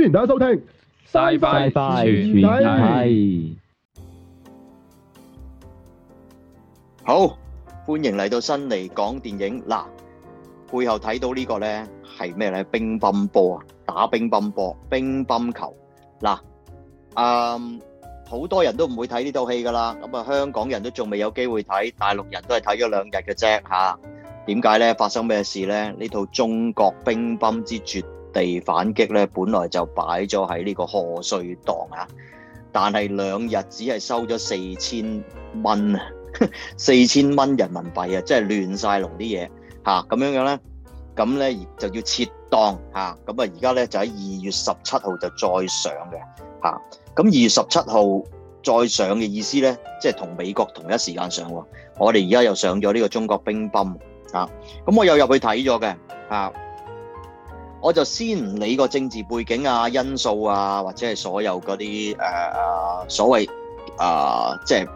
歡迎大家收聽，拜拜拜拜拜，好歡迎嚟到新嚟港電影嗱，背後睇到呢個咧係咩咧？乒乓波啊，打乒乓波，乒乓球嗱，嗯，好多人都唔會睇呢套戲噶啦，咁啊香港人都仲未有機會睇，大陸人都係睇咗兩日嘅啫吓。點解咧？發生咩事咧？呢套中國乒乓之絕。地反擊咧，本來就擺咗喺呢個賀歲檔啊，但係兩日只係收咗四千蚊啊，四千蚊人民幣啊，即係亂晒龍啲嘢嚇，咁樣呢樣咧，咁咧就要撤檔嚇，咁啊而家咧就喺二月十七號就再上嘅嚇，咁、啊、二月十七號再上嘅意思咧，即係同美國同一時間上喎，我哋而家又上咗呢個中國乒乓啊，咁我又入去睇咗嘅啊。我就先唔理個政治背景啊、因素啊，或者係所有嗰啲誒所謂、呃、是啊，啊，啊，即係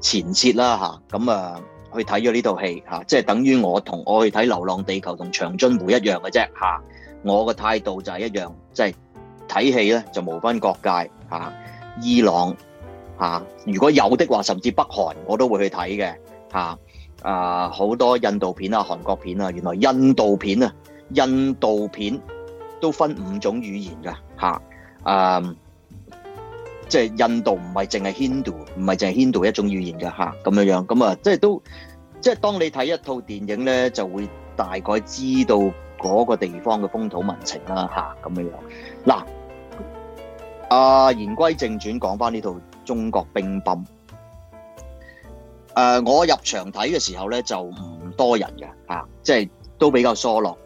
前設啦吓，咁啊，去睇咗呢套戲，即係等於我同我去睇《流浪地球》同《長津湖》一樣嘅啫吓，我嘅態度就係一樣，即係睇戲咧就無分國界嚇、啊。伊朗嚇、啊，如果有的話，甚至北韓我都會去睇嘅啊，啊，好多印度片啊、韓國片啊，原來印度片啊。印度片都分五種語言噶，吓，誒，即係印度唔係淨係 Hindi 唔係淨係 Hindi 一種語言噶，吓、啊，咁樣樣，咁啊，即係都，即係當你睇一套電影咧，就會大概知道嗰個地方嘅風土民情啦，吓、啊，咁樣樣。嗱，啊，言歸正傳，講翻呢套中國乒乓。誒、啊，我入場睇嘅時候咧就唔多人嘅，吓、啊，即係。都比較疏落。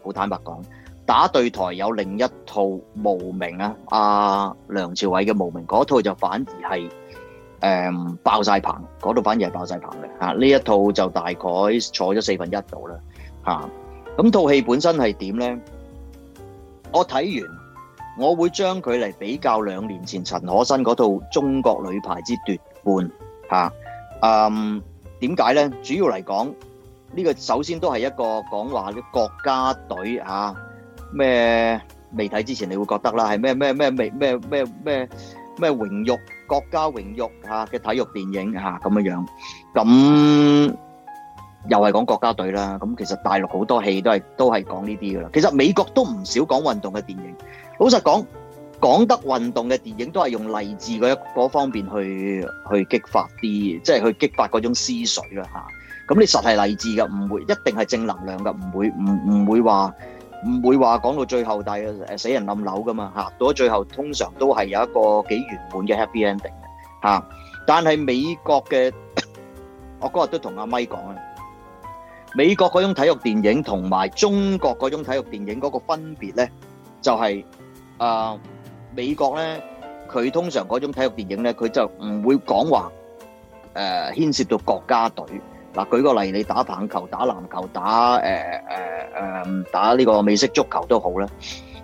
呢個首先都係一個講話啲國家隊嚇，咩未睇之前，你會覺得啦，係咩咩咩咩咩咩咩榮辱國家榮辱嚇嘅體育電影嚇咁樣樣，咁又係講國家隊啦。咁其實大陸好多戲都係都係講呢啲噶啦。其實美國都唔少講運動嘅電影。老實講，講得運動嘅電影都係用勵志嗰一嗰方面去去激發啲，即係去激發嗰種思緒啦嚇。咁你實係勵志噶，唔會一定係正能量噶，唔會唔唔會話唔會話講到最後，但係死人冧樓噶嘛吓，到咗最後通常都係有一個幾圓滿嘅 happy ending 嘅吓。但係美國嘅，我嗰日都同阿咪講啊，美國嗰種體育電影同埋中國嗰種體育電影嗰個分別咧，就係啊美國咧，佢通常嗰種體育電影咧，佢就唔會講話誒牽涉到國家隊。嗱，舉個例，你打棒球、打籃球、打誒誒誒，打呢個美式足球好都好啦。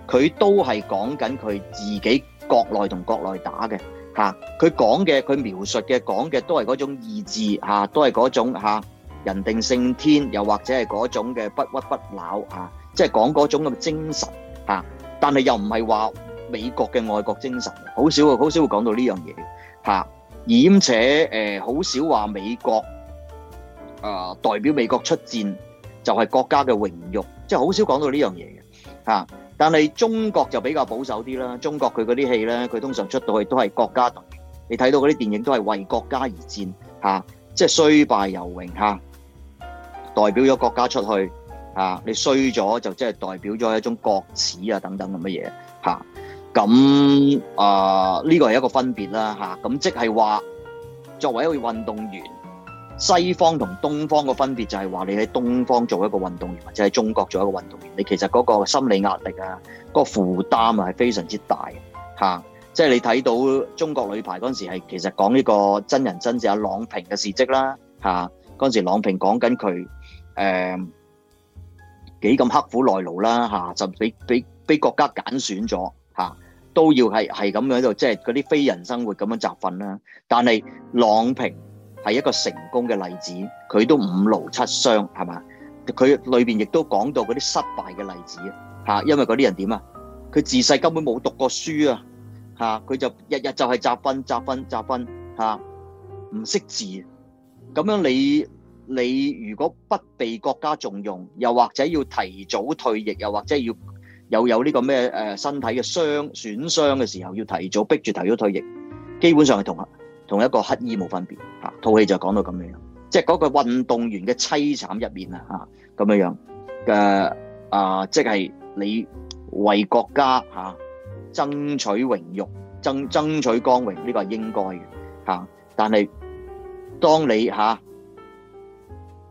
佢都係講緊佢自己國內同國內打嘅嚇。佢講嘅、佢描述嘅、講嘅都係嗰種意志嚇、啊，都係嗰種、啊、人定勝天，又或者係嗰種嘅不屈不撓嚇，即係講嗰種嘅精神嚇、啊。但係又唔係話美國嘅愛國精神，好少好少會講到呢樣嘢嚇，而且誒好、呃、少話美國。啊！代表美國出戰就係國家嘅榮辱，即係好少講到呢樣嘢嘅嚇。但係中國就比較保守啲啦。中國佢嗰啲戲咧，佢通常出到去都係國家隊。你睇到嗰啲電影都係為國家而戰嚇，即係雖敗猶榮嚇。代表咗國家出去嚇，你衰咗就即係代表咗一種國恥啊等等咁嘅嘢嚇。咁啊呢個係一個分別啦嚇。咁即係話作為一個運動員。西方同東方個分別就係話，你喺東方做一個運動員或者喺中國做一個運動員，你其實嗰個心理壓力啊、嗰、那個負擔啊係非常之大嚇。即、啊、係、就是、你睇到中國女排嗰陣時係其實講呢個真人真事啊，郎平的，郎、啊、平嘅事蹟啦嚇。嗰陣時郎平講緊佢誒幾咁刻苦耐勞啦嚇、啊，就俾俾俾國家揀選咗嚇、啊，都要係係咁樣喺度，即係嗰啲非人生活咁樣集訓啦。但係郎平。係一個成功嘅例子，佢都五勞七傷，係嘛？佢裏邊亦都講到嗰啲失敗嘅例子啊，因為嗰啲人點啊？佢自細根本冇讀過書啊，嚇！佢就日日就係雜分、雜分、雜分，嚇！唔識字，咁樣你你如果不被國家重用，又或者要提早退役，又或者要又有呢個咩誒身體嘅傷損傷嘅時候，要提早逼住提早退役，基本上係同。同一個乞衣冇分別、啊、套戲就講到咁樣，即係嗰個運動員嘅淒慘入面啊嚇，咁樣嘅啊，即係你為國家嚇、啊、爭取榮譽、爭爭取光榮，呢、呢個係應該嘅、啊、但係當你、啊、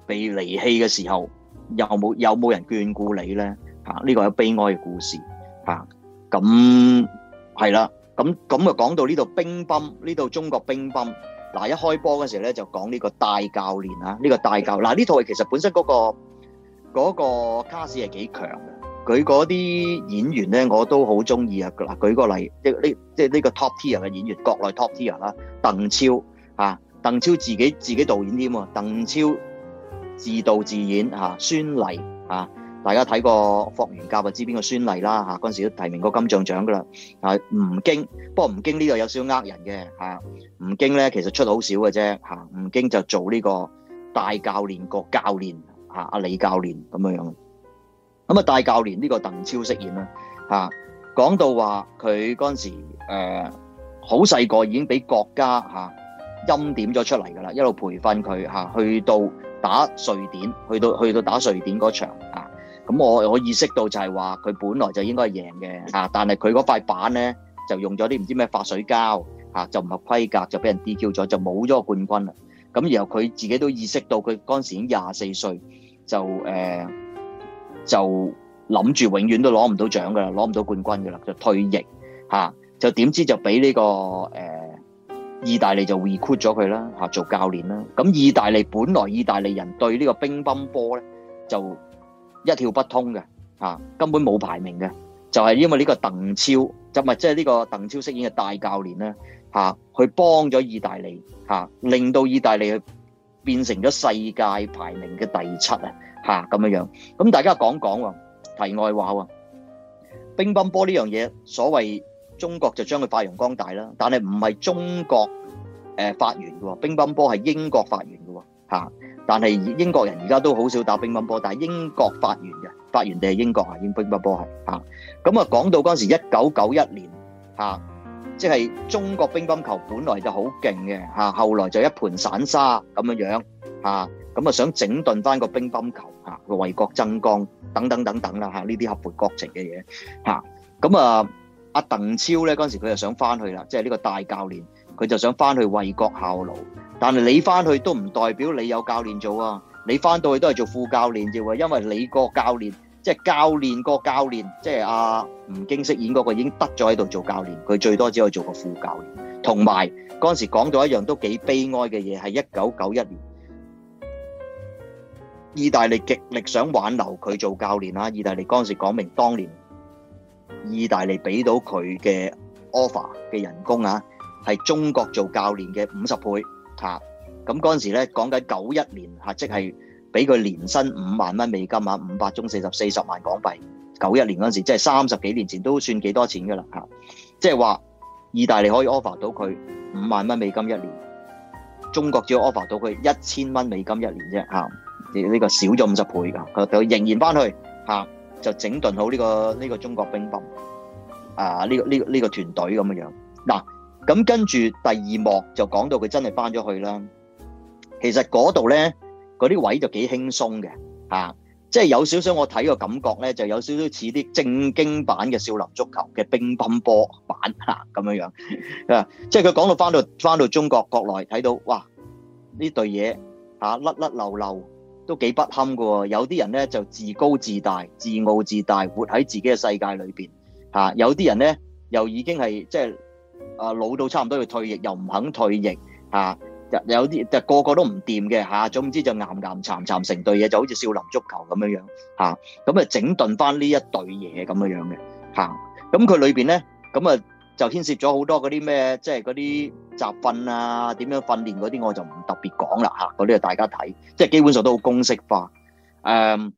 被離棄嘅時候，又冇有冇人眷顧你咧嚇？呢、啊呢個係悲哀嘅故事嚇，咁係啦。啊嗯咁咁啊，講到呢度乒乓，呢度中國乒乓嗱，一開波嘅時候咧就講呢個大教練啊。呢、呢個大教嗱，呢套其實本身嗰、嗰個卡士係幾強嘅，佢嗰啲演員咧我都好中意啊嗱，舉個例，即係呢即係呢個 top tier 嘅演員，國內 top tier 啦，鄧超啊，鄧超自己自己導演添喎，鄧超自導自演啊，孫儷啊。大家睇過霍元甲就知邊個孫儷啦嚇，嗰、啊、時時都提名過金像獎噶啦。啊，吳京，不過吳京呢度有少少呃人嘅嚇、啊。吳京咧其實出好少嘅啫嚇。吳京就做呢個大教練，國教練嚇，阿、啊啊、李教練咁樣樣。咁啊，大教練呢、這個鄧超飾演啦嚇、啊啊。講到話佢嗰時、呃、時好細個已經俾國家嚇欽、啊、點咗出嚟㗎啦，一路培訓佢嚇、啊，去到打瑞典，去到去到打瑞典嗰場啊。咁我我意識到就係話佢本來就應該贏嘅、啊、但係佢嗰塊板咧就用咗啲唔知咩發水膠、啊、就唔係規格，就俾人 DQ 咗，就冇咗個冠軍啦。咁然後佢自己都意識到，佢嗰陣時已經廿四歲，就誒、啊、就諗住永遠都攞唔到獎噶啦，攞唔到冠軍噶啦，就退役吓、啊、就點知就俾呢、個、啊、意大利就 recruit 咗佢啦、啊、做教練啦。咁意大利本來意大利人對呢個乒乓波咧就～一竅不通嘅，嚇、啊、根本冇排名嘅，就係、是、因為呢個鄧超，就咪即係呢個鄧超飾演嘅大教練啦。嚇去幫咗意大利，嚇、啊、令到意大利去變成咗世界排名嘅第七啊，嚇咁樣樣，咁大家講講喎，題外話喎，乒乓波呢樣嘢，所謂中國就將佢發揚光大啦，但係唔係中國誒發源喎，乒乓波係英國發源嘅喎，啊。但係英國人而家都好少打乒乓波，但係英國發源嘅發源地係英國啊，英乒乓波係嚇。咁啊講到嗰陣時，一九九一年嚇，即係中國乒乓球本來就好勁嘅嚇，後來就一盤散沙咁樣樣嚇，咁啊想整頓翻個乒乓球嚇，為國爭光等等等等啦嚇，呢啲合乎國情嘅嘢嚇。咁啊阿鄧超咧，嗰陣時佢就想翻去啦，即係呢個大教練，佢就想翻去為國效勞。但係你翻去都唔代表你有教練做啊！你翻到去都係做副教練啫喎，因為你個教練即係教練個教練，即係阿吳京飾演嗰個已經得咗喺度做教練，佢最多只可以做個副教練。同埋嗰陣時講到一樣都幾悲哀嘅嘢，係一九九一年，意大利極力想挽留佢做教練啊。意大利嗰陣時講明當年意大利俾到佢嘅 offer 嘅人工啊，係中國做教練嘅五十倍。咁嗰陣時咧講緊九一年、啊、即係俾佢年薪五萬蚊美金啊，五百中四十四十萬港幣，九一年嗰陣時即係三十幾年前都算幾多錢噶啦，即係話意大利可以 offer 到佢五萬蚊美金一年，中國只要 offer 到佢一千蚊美金一年啫，吓、啊，呢個少咗五十倍噶，佢、啊、仍然翻去吓、啊，就整頓好呢個呢個中國乒乓啊呢個呢個呢個團隊咁樣樣，嗱、啊。咁跟住第二幕就講到佢真係翻咗去啦。其實嗰度咧，嗰啲位就幾輕鬆嘅嚇，即係有少少我睇個感覺咧，就有少少似啲正經版嘅少林足球嘅乒乓波版嚇咁樣樣啊！即係佢講到翻到翻到中國國內睇到，哇！呢對嘢嚇甩甩漏漏都幾不堪噶喎！有啲人咧就自高自大、自傲自大，活喺自己嘅世界裏面。啊、有啲人咧又已經係即係。就是啊老到差唔多要退役，又唔肯退役嚇、啊，有有啲就個個都唔掂嘅嚇，總之就岩岩沉沉成隊嘢，就好似少林足球咁樣樣嚇，咁啊整頓翻、啊、呢一隊嘢咁樣樣嘅嚇，咁佢裏邊咧咁啊就牽涉咗好多嗰啲咩，即係嗰啲集訓啊，點樣訓練嗰啲，我就唔特別講啦嚇，嗰啲啊那些大家睇，即係基本上都好公式化誒、啊，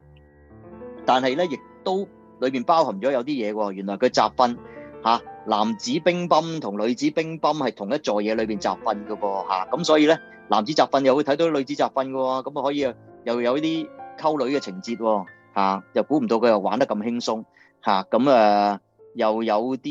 但係咧亦都裏邊包含咗有啲嘢喎，原來佢集訓嚇。啊男子乒乓同女子乒乓係同一座嘢裏邊集訓嘅噃嚇，咁所以咧男子集訓又會睇到女子集訓嘅喎、啊，咁啊可以又又有啲溝女嘅情節喎、啊、嚇、啊，又估唔到佢又玩得咁輕鬆嚇，咁啊，啊又有啲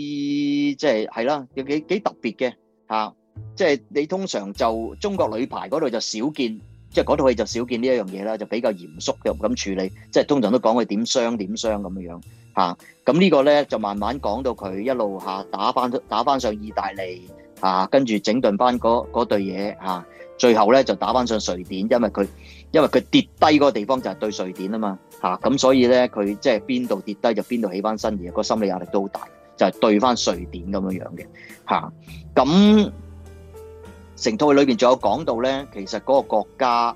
即係係啦，幾、就、幾、是啊、特別嘅嚇，即、啊、係、就是、你通常就中國女排嗰度就少見，即係嗰套戲就少見呢一樣嘢啦，就比較嚴肅嘅咁處理，即、就、係、是、通常都講佢點傷點傷咁嘅樣。咁、啊、呢個咧就慢慢講到佢一路吓、啊、打翻打翻上意大利，跟、啊、住整頓翻嗰對對嘢、啊，最後咧就打翻上瑞典，因為佢因為佢跌低嗰個地方就係對瑞典啊嘛，吓、啊、咁所以咧佢即係邊度跌低就邊度起翻身而個心理壓力都好大，就係、是、對翻瑞典咁樣樣嘅，吓咁成套裏邊仲有講到咧，其實嗰個國家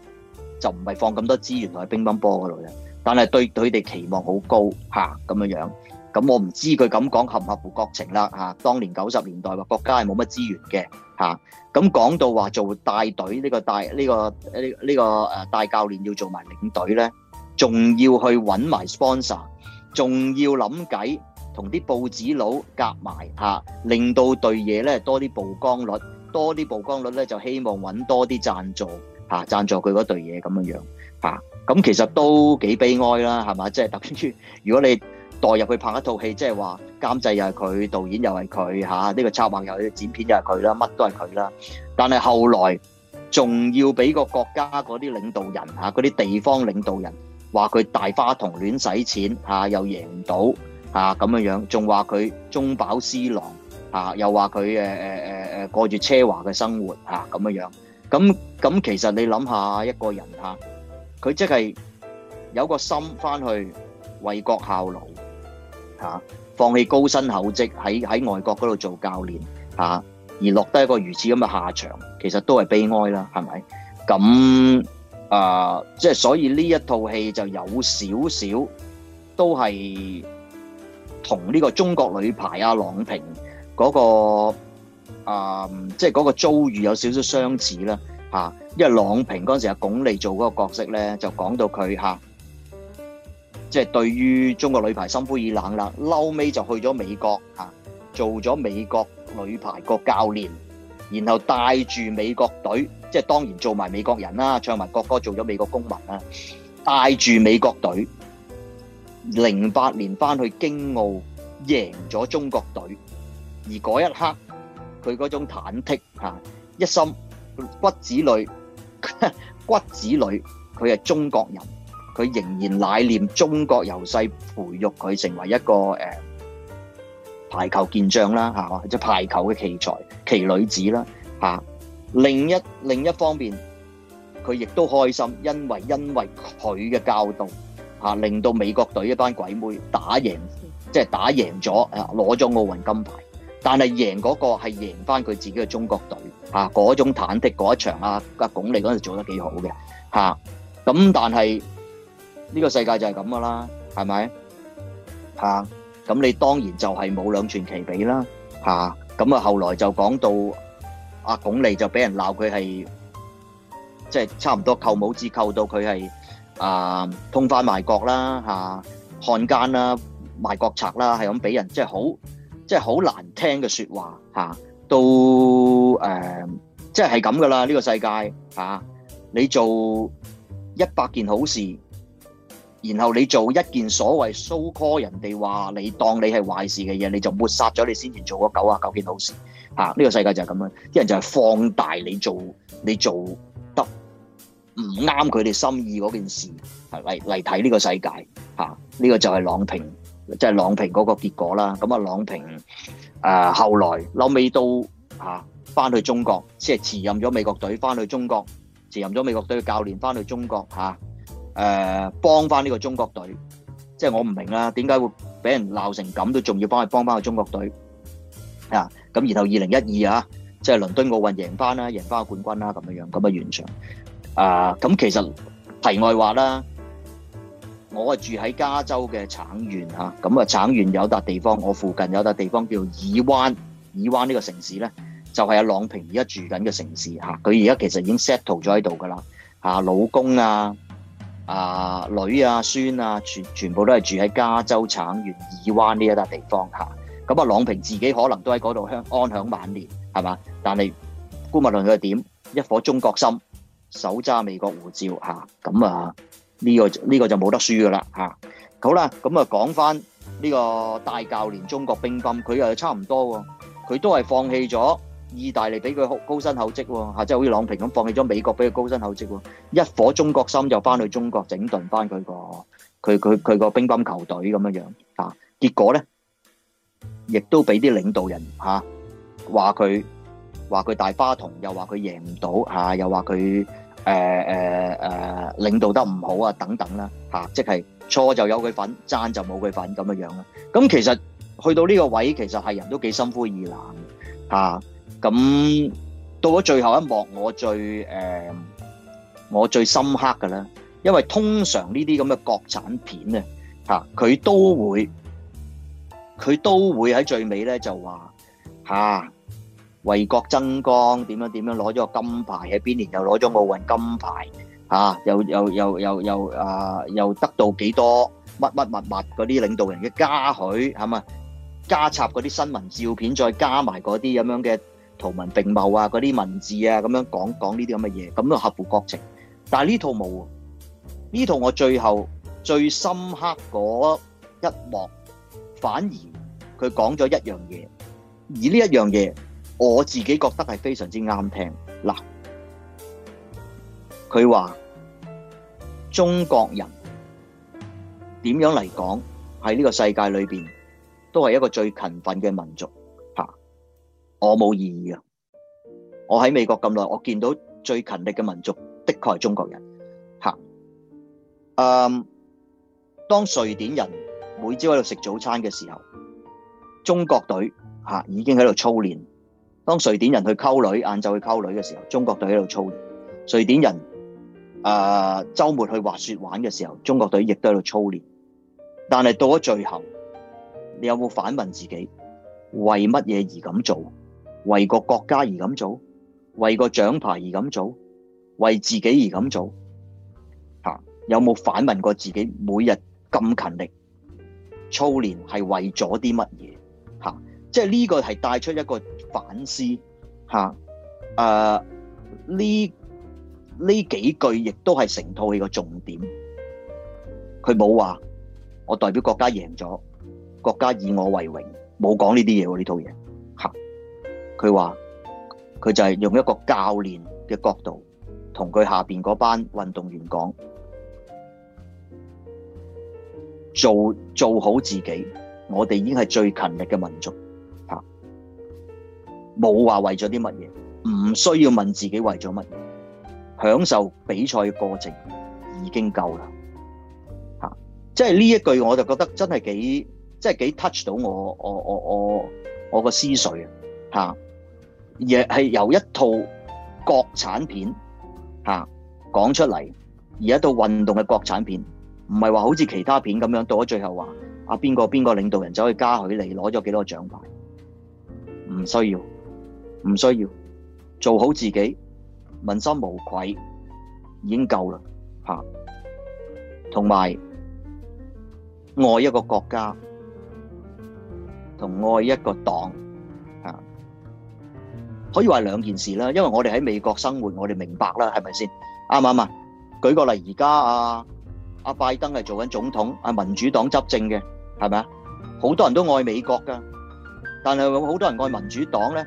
就唔係放咁多資源落去、就是、乒乓波嗰度嘅。但係對佢哋期望好高咁、啊、樣咁、嗯、我唔知佢咁講合唔合乎國情啦，嚇、啊。當年九十年代話國家係冇乜資源嘅咁、啊嗯、講到話做大隊呢、呢個大呢、呢個呢呢、呢個、呢個、大教練要做埋領隊咧，仲要去揾埋 sponsor，仲要諗計同啲報紙佬夾埋、啊、令到隊嘢咧多啲曝光率，多啲曝光率咧就希望揾多啲贊助嚇、啊，贊助佢嗰隊嘢咁樣樣。咁、啊、其實都幾悲哀啦，係嘛？即係等於如果你代入去拍一套戲，即係話監製又係佢，導演又係佢，吓、啊、呢、這個策劃又係佢，剪片又係佢啦，乜都係佢啦。但係後來仲要俾個國家嗰啲領導人吓，嗰、啊、啲地方領導人話佢大花筒亂使錢吓、啊，又贏唔到吓咁樣樣，仲話佢中飽私囊吓、啊，又話佢誒誒誒誒過住奢華嘅生活吓咁樣樣。咁咁其實你諗下一個人吓。啊佢即係有個心翻去為國效勞，吓、啊、放棄高薪厚職喺喺外國嗰度做教練，吓、啊、而落得一個如此咁嘅下場，其實都係悲哀啦，係咪？咁啊，即、就、係、是、所以呢一套戲就有少少都係同呢個中國女排阿、啊、郎平嗰、那個啊，即係嗰個遭遇有少少相似啦。啊！因為郎平嗰陣時阿鞏俐做嗰個角色咧，就講到佢嚇，即係對於中國女排心灰意冷啦，後尾就去咗美國嚇，做咗美國女排個教練，然後帶住美國隊，即係當然做埋美國人啦，唱埋國歌，做咗美國公民啦，帶住美國隊，零八年返去京奧贏咗中國隊，而嗰一刻佢嗰種忐忑嚇，一心。骨子裏，骨子裏，佢係中國人，佢仍然乃念中國，由細培育佢成為一個誒排球健將啦，吓嘛，即係排球嘅奇才奇女子啦，吓。另一另一方面，佢亦都開心，因為因為佢嘅教導吓，令到美國隊一班鬼妹打贏，即係打贏咗，誒，攞咗奧運金牌。但係贏嗰個係贏翻佢自己嘅中國隊，嚇嗰種忐忑嗰一場啊，阿鞏俐嗰陣做得幾好嘅，嚇咁但係呢個世界就係咁噶啦，係咪？嚇咁你當然就係冇兩全其美啦，嚇咁，啊後來就講到阿鞏俐就俾人鬧佢係即係差唔多扣帽子扣到佢係啊通番賣國啦嚇，漢奸啦，賣國賊啦，係咁俾人即係好。即係好難聽嘅説話嚇，都、啊、誒、呃，即係係咁噶啦，呢、這個世界嚇、啊，你做一百件好事，然後你做一件所謂 so call 人哋話你當你係壞事嘅嘢，你就抹殺咗你先前做嗰九十九件好事嚇。呢、啊這個世界就係咁樣，啲人就係放大你做你做得唔啱佢哋心意嗰件事嚟嚟睇呢個世界嚇。呢、啊這個就係朗平。即係郎平嗰個結果啦，咁啊郎平誒、呃、後來後尾到嚇翻去中國，即係辭任咗美國隊，翻去中國辭任咗美國隊嘅教練，翻去中國嚇誒、啊呃、幫翻呢個中國隊。即係我唔明啦，點解會俾人鬧成咁，都仲要幫佢幫翻個中國隊啊？咁然後二零一二啊，即係倫敦奧運贏翻啦，贏翻個冠軍啦，咁樣樣咁啊完場啊！咁其實題外話啦。我係住喺加州嘅橙園吓，咁啊橙園有笪地方，我附近有笪地方叫爾灣，爾灣呢個城市咧就係、是、阿郎平而家住緊嘅城市吓，佢而家其實已經 settle 咗喺度噶啦吓，老公啊啊女啊孫啊，全全部都係住喺加州橙園爾灣呢一笪地方吓，咁啊，啊郎平自己可能都喺嗰度享安享晚年係嘛，但係姑勿論佢係點，一顆中國心，手揸美國護照吓，咁啊。啊呢個呢個就冇得輸噶啦嚇！好啦，咁啊講翻呢個大教練中國乒乓，佢又差唔多喎，佢都係放棄咗意大利俾佢高薪厚職喎，嚇，即係好似郎平咁放棄咗美國俾佢高薪厚職喎，一顆中國心就翻去中國整頓翻佢個佢佢佢個乒乓球隊咁樣樣啊！結果咧，亦都俾啲領導人嚇話佢話佢大花筒，又話佢贏唔到嚇，又話佢。誒誒誒領導得唔好啊，等等啦、啊、即係錯就有佢份，讚就冇佢份咁樣樣啦。咁其實去到呢個位，其實係人都幾心灰意冷嘅咁、啊啊、到咗最後一幕，我最、啊、我最深刻嘅咧，因為通常呢啲咁嘅國產片咧佢、啊、都會佢都會喺最尾咧就話為國爭光，點樣點樣攞咗個金牌，喺邊年又攞咗奧運金牌嚇，又又又又又啊，又得到幾多乜乜乜乜嗰啲領導人嘅嘉許係嘛？加插嗰啲新聞照片，再加埋嗰啲咁樣嘅圖文並茂啊，嗰啲文字啊咁樣，講講呢啲咁嘅嘢，咁樣合乎國情。但係呢套冇，呢套我最後最深刻嗰一幕，反而佢講咗一樣嘢，而呢一樣嘢。我自己覺得係非常之啱聽嗱，佢話中國人點樣嚟講喺呢個世界裏邊都係一個最勤奮嘅民族嚇，我冇異議啊！我喺美國咁耐，我見到最勤力嘅民族的確係中國人嚇、啊。嗯，當瑞典人每朝喺度食早餐嘅時候，中國隊嚇、啊、已經喺度操練。當瑞典人去溝女、晏晝去溝女嘅時候，中國隊喺度操練；瑞典人誒、呃、周末去滑雪玩嘅時候，中國隊亦都喺度操練。但係到咗最後，你有冇反問自己為乜嘢而咁做？為個國家而咁做？為個獎牌而咁做？為自己而咁做？吓、啊，有冇反問過自己每日咁勤力操練係為咗啲乜嘢？吓、啊，即係呢個係帶出一個。反思吓，誒呢呢幾句亦都係成套戲個重點。佢冇話我代表國家贏咗，國家以我為榮，冇講呢啲嘢喎，呢套嘢。吓，佢話佢就係用一個教練嘅角度，同佢下邊嗰班運動員講，做做好自己，我哋已經係最勤力嘅民族。冇話為咗啲乜嘢，唔需要問自己為咗乜嘢，享受比賽嘅過程已經夠啦。吓、啊，即係呢一句我就覺得真係幾，即係幾 touch 到我，我我我我個思緒啊！吓，而係由一套國產片吓、啊、講出嚟，而一套運動嘅國產片，唔係話好似其他片咁樣，到咗最後話啊邊個邊個領導人走去嘉許你，攞咗幾多個獎牌，唔需要。唔需要，做好自己，問心無愧已經夠啦，吓，同埋愛一個國家，同愛一個黨，吓，可以話兩件事啦。因為我哋喺美國生活，我哋明白啦，係咪先？啱唔啱啊？舉個例，而家阿阿拜登係做緊總統，阿民主黨執政嘅，係咪啊？好多人都愛美國噶，但係好多人愛民主黨咧。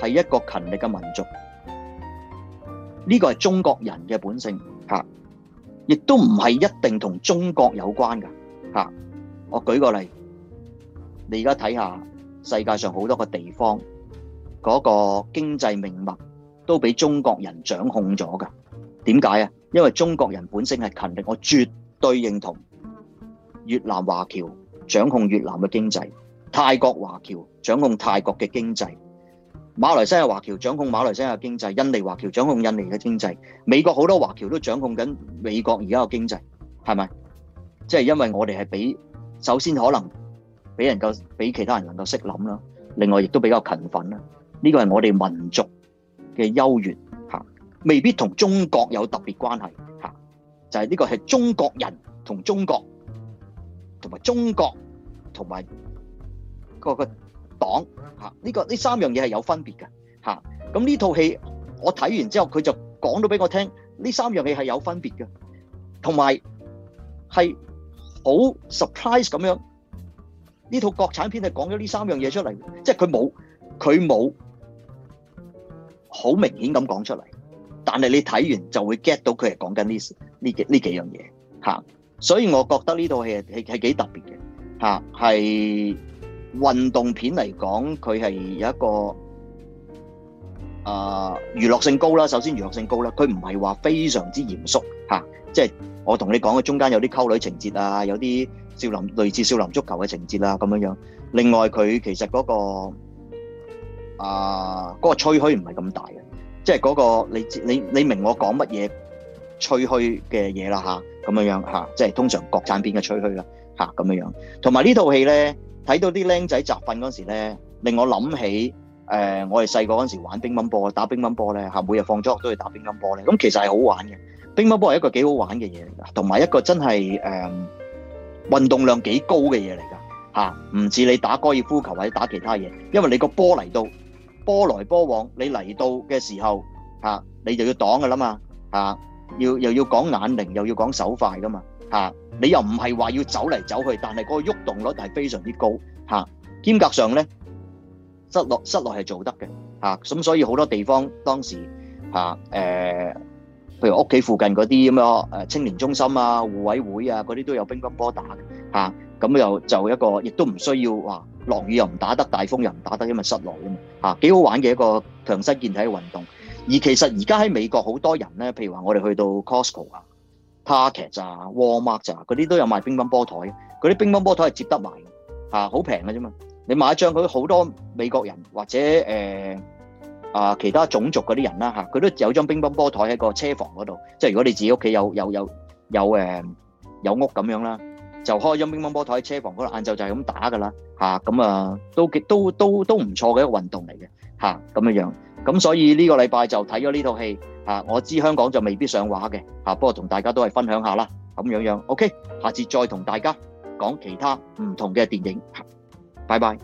係一個勤力嘅民族，呢個係中國人嘅本性吓，亦都唔係一定同中國有關噶吓。我舉個例，你而家睇下世界上好多個地方嗰個經濟命脈都俾中國人掌控咗噶。點解啊？因為中國人本性係勤力，我絕對認同。越南華僑掌控越南嘅經濟，泰國華僑掌控泰國嘅經濟。馬來西亞華僑掌控馬來西亞經濟，印尼華僑掌控印尼嘅經濟，美國好多華僑都掌控緊美國而家嘅經濟，係咪？即、就、係、是、因為我哋係比首先可能畀人夠畀其他人能夠識諗啦，另外亦都比較勤奮啦。呢個係我哋民族嘅優越嚇、啊，未必同中國有特別關係嚇、啊。就係、是、呢個係中國人同中國同埋中國同埋嗰個。講吓呢個呢三樣嘢係有分別嘅吓，咁呢套戲我睇完之後佢就講咗俾我聽呢三樣嘢係有分別嘅，同埋係好 surprise 咁樣呢套國產片係講咗呢三樣嘢出嚟，即係佢冇佢冇好明顯咁講出嚟，但係你睇完就會 get 到佢係講緊呢呢幾呢幾樣嘢吓、啊，所以我覺得呢套戲係係幾特別嘅吓係。啊運動片嚟講，佢係有一個啊、呃、娛樂性高啦。首先娛樂性高啦，佢唔係話非常之嚴肅嚇、啊，即係我同你講嘅中間有啲溝女情節啊，有啲少林類似少林足球嘅情節啊，咁樣樣。另外佢其實嗰個啊嗰個吹噓唔係咁大嘅，即係嗰個你你你明我講乜嘢吹噓嘅嘢啦吓，咁樣樣嚇、啊，即係通常國產片嘅吹噓啦吓，咁樣樣。同埋呢套戲咧。睇到啲僆仔集訓嗰時咧，令我諗起誒，我哋細個嗰時玩乒乓波，打乒乓波咧嚇，每日放學都去打乒乓波咧。咁其實係好玩嘅，乒乓波係一個幾好玩嘅嘢，同埋一個真係誒運動量幾高嘅嘢嚟㗎嚇。唔似你打高爾夫球或者打其他嘢，因為你個波嚟到，波來波往，你嚟到嘅時候嚇，你就要擋㗎啦嘛嚇，要又要講眼靈，又要講手快㗎嘛。嚇、啊！你又唔係話要走嚟走去，但係個喐動率係非常之高嚇、啊。兼夾上咧，室內室內係做得嘅嚇。咁、啊、所以好多地方當時嚇誒、啊呃，譬如屋企附近嗰啲咁青年中心啊、護衞會啊嗰啲都有乒乓波打嚇。咁、啊、又就一個，亦都唔需要話落、啊、雨又唔打得，大風又唔打得，因為室內。啊嘛幾好玩嘅一個強身健體嘅運動。而其實而家喺美國好多人咧，譬如話我哋去到 Costco 啊。塔克咋，沃默咋，嗰啲都有賣乒乓波台，嗰啲乒乓波台係接得埋嘅，嚇，好平嘅啫嘛。你買一張，佢好多美國人或者誒啊、呃呃、其他種族嗰啲人啦嚇，佢、啊、都有張乒乓波台喺個車房嗰度，即係如果你自己屋企有有有有誒有屋咁樣啦，就開張乒乓波台喺車房嗰度，晏、那、晝、個、就係咁打㗎啦，嚇咁啊都都都都唔錯嘅一個運動嚟嘅嚇咁樣樣，咁所以呢個禮拜就睇咗呢套戲。啊！我知香港就未必上畫嘅，嚇，不過同大家都係分享下啦，咁樣樣。OK，下次再同大家講其他唔同嘅電影。拜拜。